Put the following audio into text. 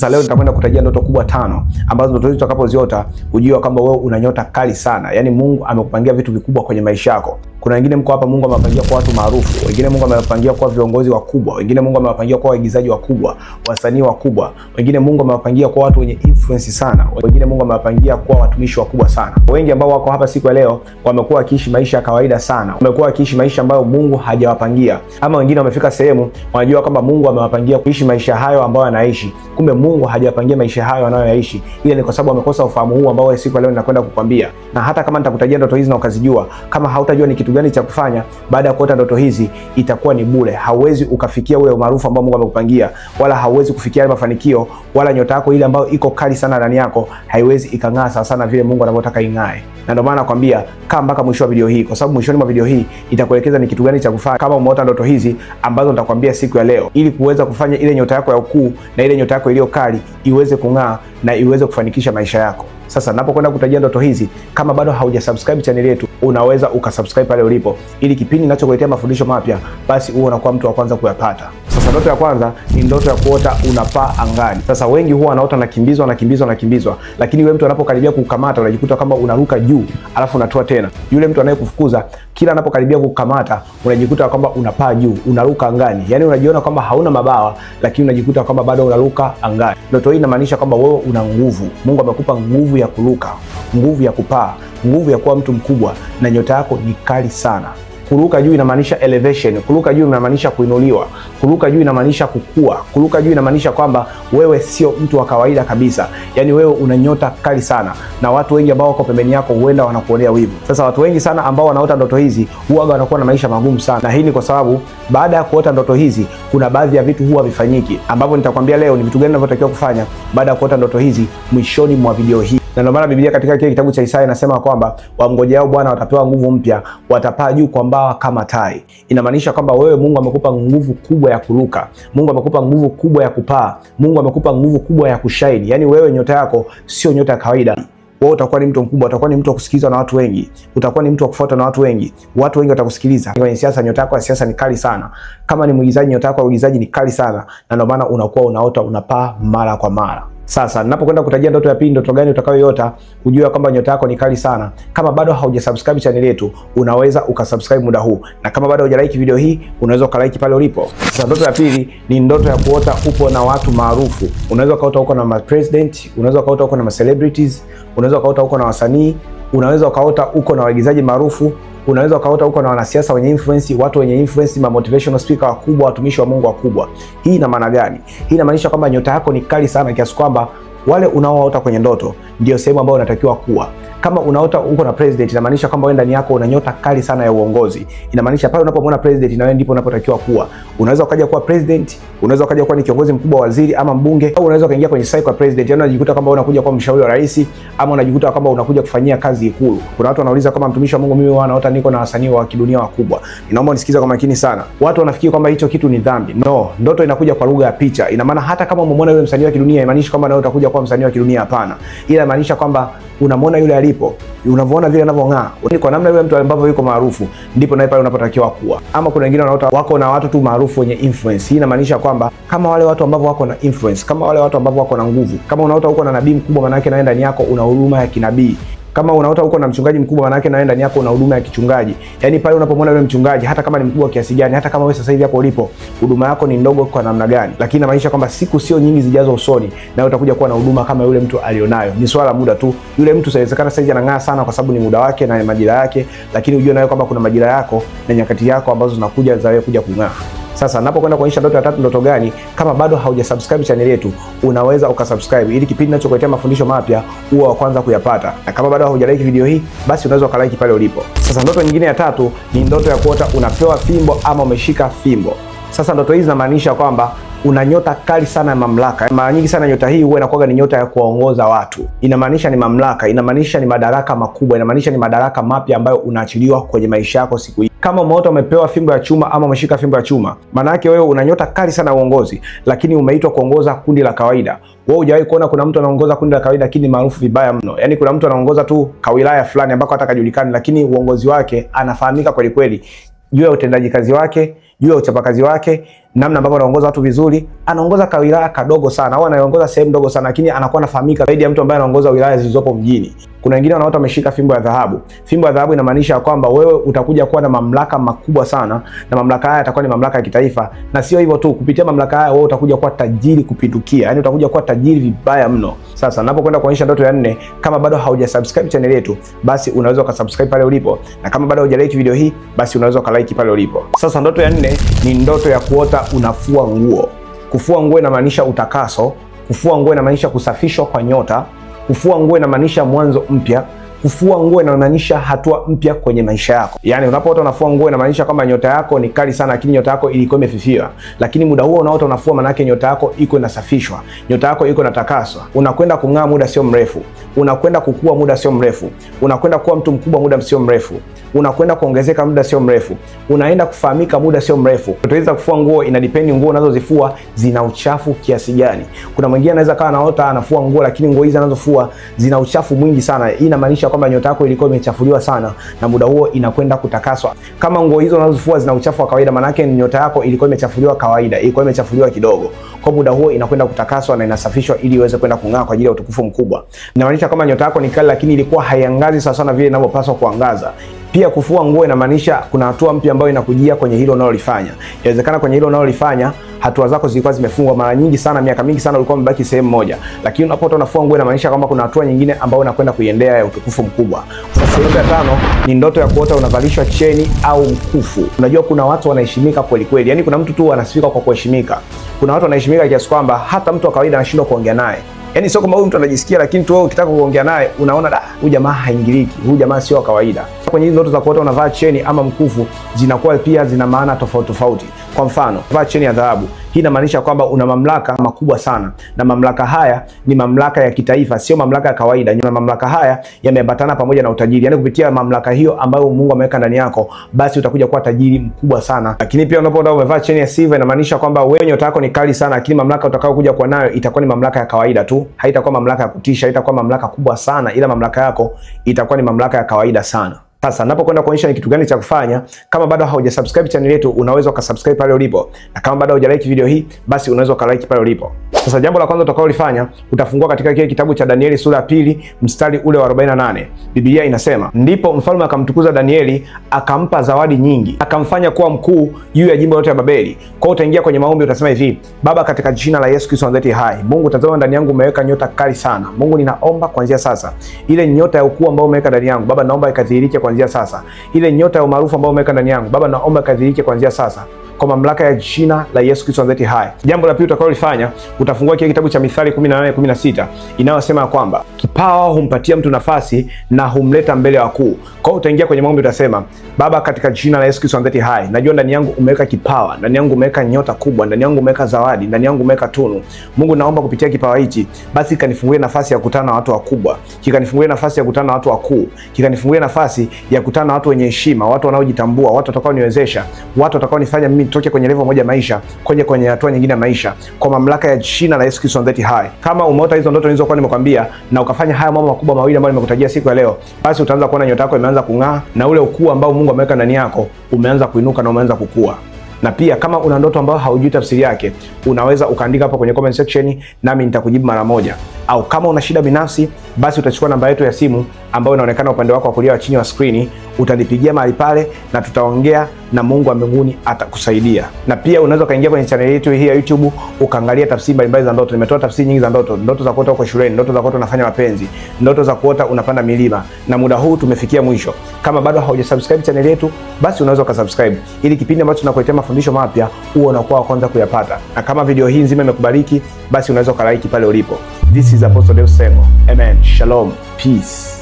Sasa leo nitakwenda kutajia ndoto kubwa tano ambazo ndoto hizo utakapoziota ujue kwamba wewe una nyota kali sana. Yaani Mungu amekupangia vitu vikubwa kwenye maisha yako. Kuna wengine mko hapa, Mungu amewapangia kwa watu maarufu, wengine Mungu amewapangia kwa viongozi wakubwa, wengine Mungu amewapangia kwa waigizaji wakubwa, wasanii wakubwa, wengine Mungu amewapangia kwa watu wenye influence sana, wengine Mungu amewapangia kwa watumishi wakubwa sana. Wengi ambao wako hapa siku ya leo wamekuwa wakiishi maisha ya kawaida sana, wamekuwa wakiishi maisha ambayo Mungu hajawapangia, ama wengine wamefika sehemu wanajua kwamba Mungu amewapangia kuishi maisha hayo ambayo anaishi, kumbe Mungu hajapangia maisha hayo anayoyaishi, ila ni kwa sababu amekosa ufahamu huu ambao siku leo ninakwenda kukwambia. Na hata kama nitakutajia ndoto hizi na ukazijua, kama hautajua ni kitu gani cha kufanya baada ya kuota ndoto hizi, itakuwa ni bure. Hauwezi ukafikia ule umaarufu ambao Mungu amekupangia, wala hauwezi kufikia ile mafanikio, wala nyota yako ile ambayo iko kali sana ndani yako haiwezi ikang'aa sana sana vile Mungu anavyotaka ing'ae. Na ndio maana nakwambia kaa mpaka mwisho wa video hii, kwa sababu mwishoni mwa video hii itakuelekeza ni kitu gani cha kufanya kama umeota ndoto hizi ambazo nitakwambia siku ya leo, ili kuweza kufanya ile nyota yako ya ukuu na ile nyota yako iliyo kali iweze kung'aa na iweze kufanikisha maisha yako. Sasa napokwenda kutajia ndoto hizi, kama bado haujasubscribe channel yetu, unaweza ukasubscribe pale ulipo, ili kipindi ninachokuletea mafundisho mapya, basi uwe unakuwa mtu wa kwanza kuyapata. Sasa ndoto ya kwanza ni ndoto ya kuota unapaa angani. Sasa wengi huwa wanaota anakimbizwa, anakimbizwa, anakimbizwa, lakini yule mtu anapokaribia kukamata unajikuta kama unaruka juu alafu unatua tena. Yule mtu anayekufukuza kila anapokaribia kukamata unajikuta kwamba unapaa juu, unaruka angani, yaani unajiona kwamba hauna mabawa, lakini unajikuta kwamba bado unaruka angani. Ndoto hii inamaanisha kwamba wewe una nguvu. Mungu amekupa nguvu ya kuruka, nguvu ya kupaa, nguvu ya kuwa mtu mkubwa, na nyota yako ni kali sana. Kuruka juu inamaanisha elevation, kuruka juu inamaanisha kuinuliwa, kuruka juu inamaanisha kukua, kuruka juu inamaanisha kwamba wewe sio mtu wa kawaida kabisa, yaani wewe una nyota kali sana, na watu wengi ambao wako pembeni yako huenda wanakuonea wivu. Sasa watu wengi sana ambao wanaota ndoto hizi huwa wanakuwa na maisha magumu sana, na hii ni kwa sababu baada ya kuota ndoto hizi kuna baadhi ya vitu huwa vifanyiki, ambapo nitakwambia leo ni vitu gani unavyotakiwa kufanya baada ya kuota ndoto hizi mwishoni mwa video hii na ndio maana Biblia katika kile kitabu cha Isaya inasema kwamba wamngojeao Bwana watapewa nguvu mpya, watapaa juu kwa mbawa kama tai. Inamaanisha kwamba wewe, Mungu amekupa nguvu kubwa ya kuruka, Mungu amekupa nguvu kubwa ya kupaa, Mungu amekupa nguvu kubwa ya kushaini. Yaani wewe nyota yako sio nyota ya kawaida. Wewe utakuwa ni mtu mkubwa, utakuwa ni mtu wa kusikilizwa na watu wengi, utakuwa ni mtu wa kufuatwa na watu wengi, watu wengi watakusikiliza. Kwenye siasa, nyota yako ya siasa ni kali sana. Kama ni mwigizaji, nyota yako ya uigizaji ni kali sana, na ndio maana unakuwa unaota unapaa mara kwa mara. Sasa ninapokwenda kutajia ndoto ya pili, ndoto gani utakayoiota, ujue kwamba nyota yako ni kali sana. Kama bado haujasubscribe channel yetu, unaweza ukasubscribe muda huu, na kama bado hujalike video hii, unaweza ukalike pale ulipo. Sasa ndoto ya pili ni ndoto ya kuota upo na watu maarufu. Unaweza ukaota uko na ma president, unaweza ukaota uko na ma celebrities, unaweza ukaota uko na wasanii, unaweza ukaota uko na waigizaji maarufu, unaweza ukaota huko na wanasiasa wenye influence, watu wenye influence, ma motivational speaker wakubwa, watumishi wa Mungu wakubwa. Hii ina maana gani? Hii inamaanisha kwamba nyota yako ni kali sana kiasi kwamba wale unaowaota kwenye ndoto ndio sehemu ambayo unatakiwa kuwa kama unaota uko na president, inamaanisha kwamba wewe ndani yako una nyota kali sana ya uongozi. Inamaanisha pale unapomwona president, na wewe ndipo unapotakiwa kuwa. Unaweza ukaja kuwa president, unaweza ukaja kuwa ni kiongozi mkubwa, waziri ama mbunge, au unaweza ukaingia kwenye cycle ya president, yaani unajikuta kwamba unakuja kuwa mshauri wa rais, ama unajikuta kwamba unakuja kufanyia kazi Ikulu. Kuna watu wanauliza kama mtumishi wa Mungu, mimi huwa naota niko na wasanii wa kidunia wakubwa. Ninaomba unisikize kwa makini sana. Watu wanafikiri kwamba hicho kitu ni dhambi. No, ndoto inakuja kwa lugha ya picha. Ina maana hata kama umemwona yule msanii wa kidunia, haimaanishi kwamba nawe utakuja kuwa msanii wa kidunia, hapana, ila inamaanisha kwamba unamwona yule alipo, unavyoona vile anavyong'aa yaani kwa namna yule mtu ambavyo yuko maarufu, ndipo naye pale unapotakiwa kuwa. Ama kuna wengine wanaota wako na watu tu maarufu wenye influence. Hii inamaanisha kwamba kama wale watu ambavyo wako na influence, kama wale watu ambavyo wako na nguvu, kama unaota uko na nabii mkubwa, maana yake naye ndani yako una huruma ya kinabii. Kama unaota uko na mchungaji mkubwa, maana yake na wewe ndani yako una huduma ya kichungaji. Yaani pale unapomwona yule mchungaji, hata kama ni mkubwa kiasi gani, hata kama wewe sasa hivi hapo ulipo, huduma yako ni ndogo kwa namna gani, lakini inamaanisha kwamba siku sio nyingi zijazo usoni, na wewe utakuja kuwa na huduma kama yule mtu alionayo. Ni swala muda tu. Yule mtu sawezekana sasa hivi anang'aa sana kwa sababu ni muda wake na majira yake, lakini ujue nawe kwamba kuna majira yako na nyakati yako ambazo zinakuja za wewe kuja kung'aa. Sasa napokwenda kuonyesha ndoto ya tatu, ndoto gani? Kama bado haujasubscribe channel yetu, unaweza ukasubscribe ili kipindi ninachokuletea mafundisho mapya uwe wa kwanza kuyapata, na kama bado haujalike video hii, basi unaweza ukalike pale ulipo. Sasa ndoto nyingine ya tatu ni ndoto ya kuota unapewa fimbo ama umeshika fimbo. Sasa ndoto hizi zinamaanisha kwamba una nyota kali sana ya mamlaka. Mara nyingi sana nyota hii huwa inakuwa ni nyota ya kuwaongoza watu, inamaanisha ni mamlaka, inamaanisha ni madaraka makubwa, inamaanisha ni madaraka mapya ambayo unaachiliwa kwenye maisha yako siku hii kama umeota umepewa fimbo ya chuma ama umeshika fimbo ya chuma, maana yake wewe una nyota kali sana ya uongozi, lakini umeitwa kuongoza kundi la kawaida. Wewe hujawahi kuona kuna mtu anaongoza kundi la kawaida lakini maarufu vibaya mno. Yaani kuna mtu anaongoza tu kawilaya fulani ambako hata kajulikani, lakini uongozi wake anafahamika kweli kweli juu ya utendaji kazi wake, juu ya uchapakazi wake namna ambavyo anaongoza watu vizuri. Anaongoza kawilaya kadogo sana au anaongoza sehemu ndogo sana, lakini anakuwa anafahamika zaidi ya mtu ambaye anaongoza wilaya zilizopo mjini. Kuna wengine wanaota wameshika fimbo ya dhahabu. Fimbo ya dhahabu inamaanisha kwamba wewe utakuja kuwa na mamlaka makubwa sana, na mamlaka haya yatakuwa ni mamlaka ya kitaifa. Na sio hivyo tu, kupitia mamlaka haya wewe utakuja kuwa tajiri kupindukia, yani utakuja kuwa tajiri vibaya mno. Sasa ninapokwenda kuonyesha ndoto ya nne, kama bado haujasubscribe channel yetu, basi unaweza ukasubscribe pale ulipo, na kama bado hujalike video hii, basi unaweza ukalike pale ulipo. Sasa ndoto ya nne ni ndoto ya kuota unafua nguo. Kufua nguo inamaanisha utakaso. Kufua nguo inamaanisha kusafishwa kwa nyota. Kufua nguo inamaanisha mwanzo mpya. Kufua nguo inamaanisha hatua mpya kwenye maisha yako. Yaani unapoota unafua nguo inamaanisha kwamba nyota yako ni kali sana, lakini nyota yako ilikuwa imefifiwa. Lakini muda huo unaota unafua, maana yake nyota yako iko inasafishwa, nyota yako iko inatakaswa. Unakwenda kung'aa muda sio mrefu, unakwenda kukua muda sio mrefu, unakwenda kuwa mtu mkubwa muda sio mrefu, unakwenda kuongezeka muda sio mrefu, unaenda kufahamika muda sio mrefu. Utaweza kufua nguo, ina nguo unazozifua zina uchafu kiasi gani. Kuna mwingine anaweza kawa anaota anafua nguo, lakini nguo hizi anazofua zina uchafu mwingi sana. Hii inamaanisha kwamba nyota yako ilikuwa imechafuliwa sana, na muda huo inakwenda kutakaswa. Kama nguo hizo unazofua zina uchafu wa kawaida, manake nyota yako ilikuwa imechafuliwa kawaida, ilikuwa imechafuliwa kidogo, kwa muda huo inakwenda kutakaswa na inasafishwa ili iweze kwenda kung'aa kwa ajili ya utukufu mkubwa. Inamaanisha kama nyota yako ni kali, lakini ilikuwa haiangazi sawa sana vile inavyopaswa kuangaza. Pia kufua nguo inamaanisha kuna hatua mpya ambayo inakujia kwenye hilo unalolifanya. Inawezekana kwenye hilo unalolifanya hatua zako zilikuwa zimefungwa. Mara nyingi sana, miaka mingi sana ulikuwa umebaki sehemu moja, lakini unapokuwa unafua nguo, inamaanisha kwamba kuna hatua nyingine ambayo unakwenda kuiendea ya utukufu mkubwa. Sasa ya tano ni ndoto ya kuota unavalishwa cheni au mkufu. Unajua kuna watu wanaheshimika kweli kweli, yani kuna mtu tu anasifika kwa kuheshimika. Kuna watu wanaheshimika kiasi kwamba hata mtu wa kawaida anashindwa kuongea naye. Yaani sio kama huyu mtu anajisikia, lakini tu wewe ukitaka kuongea naye unaona da, huyu jamaa haingiliki, huyu jamaa sio kawaida. Kwenye hizo ndoto za kuota unavaa cheni ama mkufu, zinakuwa pia zina maana tofauti tofauti. Kwa mfano, vaa cheni ya dhahabu hii inamaanisha kwamba una mamlaka makubwa sana, na mamlaka haya ni mamlaka ya kitaifa, sio mamlaka ya kawaida. Na mamlaka haya yameambatana pamoja na utajiri, yaani kupitia mamlaka hiyo ambayo Mungu ameweka ndani yako, basi utakuja kuwa tajiri mkubwa sana. Lakini pia unapoona umevaa cheni ya silver, inamaanisha kwamba wewe nyota yako ni kali sana, lakini mamlaka utakayokuja kuwa nayo itakuwa ni mamlaka ya kawaida tu, haitakuwa mamlaka ya kutisha, haitakuwa mamlaka kubwa sana, ila mamlaka yako itakuwa ni mamlaka ya kawaida sana. Sasa napokwenda kuonyesha ni kitu gani cha kufanya, kama bado haujasubscribe channel yetu, unaweza ukasubscribe pale ulipo, na kama bado hujalike video hii, basi unaweza ukalike pale ulipo. Sasa jambo la kwanza utakaolifanya, utafungua katika kile kitabu cha Danieli sura ya pili mstari ule wa 48. Biblia inasema, ndipo mfalme akamtukuza Danieli, akampa zawadi nyingi, akamfanya kuwa mkuu juu ya jimbo lote la Babeli. Kwa utaingia kwenye maombi, utasema hivi: Baba, katika jina la Yesu Kristo anzeti hai, Mungu tazama, ndani yangu umeweka nyota kali sana. Mungu, ninaomba kuanzia sasa ile nyota ya ukuu ambayo umeweka ndani yangu, Baba naomba ikadhihirike kuanzia sasa. Ile nyota ya umaarufu ambayo umeweka ndani yangu Baba, naomba kadhirike kuanzia sasa kwa mamlaka ya jina la Yesu Kristo Nazareti hai. Jambo la pili utakalolifanya, utafungua kile kitabu cha Mithali 18:16 inayosema kwamba kipawa humpatia mtu nafasi na humleta mbele ya wakuu. Kwa hiyo utaingia kwenye maombi, utasema Baba, katika jina la Yesu Kristo Nazareti hai, najua ndani yangu umeweka kipawa, ndani yangu umeweka nyota kubwa, ndani yangu umeweka zawadi, ndani yangu umeweka tunu. Mungu, naomba kupitia kipawa hichi basi kanifungulie nafasi ya kukutana na watu wakubwa, kikanifungulie nafasi ya kukutana na watu wakuu, kikanifungulie nafasi ya kukutana na watu wenye heshima, watu wanaojitambua, watu watakaoniwezesha, watu watakaonifanya mimi nitoke kwenye level moja maisha kwenye kwenye hatua nyingine ya maisha kwa mamlaka ya jina la Yesu Kristo ndeti hai. Kama umeota hizo ndoto nilizokuwa nimekwambia na ukafanya haya mambo makubwa mawili ambayo nimekutajia siku ya leo, basi utaanza kuona nyota yako imeanza kung'aa na ule ukuu ambao Mungu ameweka ndani yako umeanza kuinuka na umeanza kukua na pia kama una ndoto ambayo haujui tafsiri yake, unaweza ukaandika hapa kwenye comment section, nami nitakujibu mara moja au kama una shida binafsi, basi utachukua namba yetu ya simu ambayo inaonekana upande wako wa kulia wa chini wa skrini, utanipigia mahali pale na tutaongea na Mungu wa mbinguni atakusaidia. Na pia unaweza ukaingia kwenye chaneli yetu hii ya YouTube ukaangalia tafsiri mbalimbali za ndoto. Nimetoa tafsiri nyingi za ndoto, ndoto za kuota uko shuleni, ndoto za kuota unafanya mapenzi, ndoto za kuota unapanda milima. Na muda huu tumefikia mwisho. Kama bado haujasubscribe chaneli yetu, basi unaweza ukasubscribe ili kipindi ambacho tunakuletea mafundisho mapya uwe unakuwa wa kwanza kuyapata. Na kama video hii nzima imekubariki, basi unaweza ukalike pale ulipo. This This is Apostle Deo Sengo. Amen. Shalom. Peace.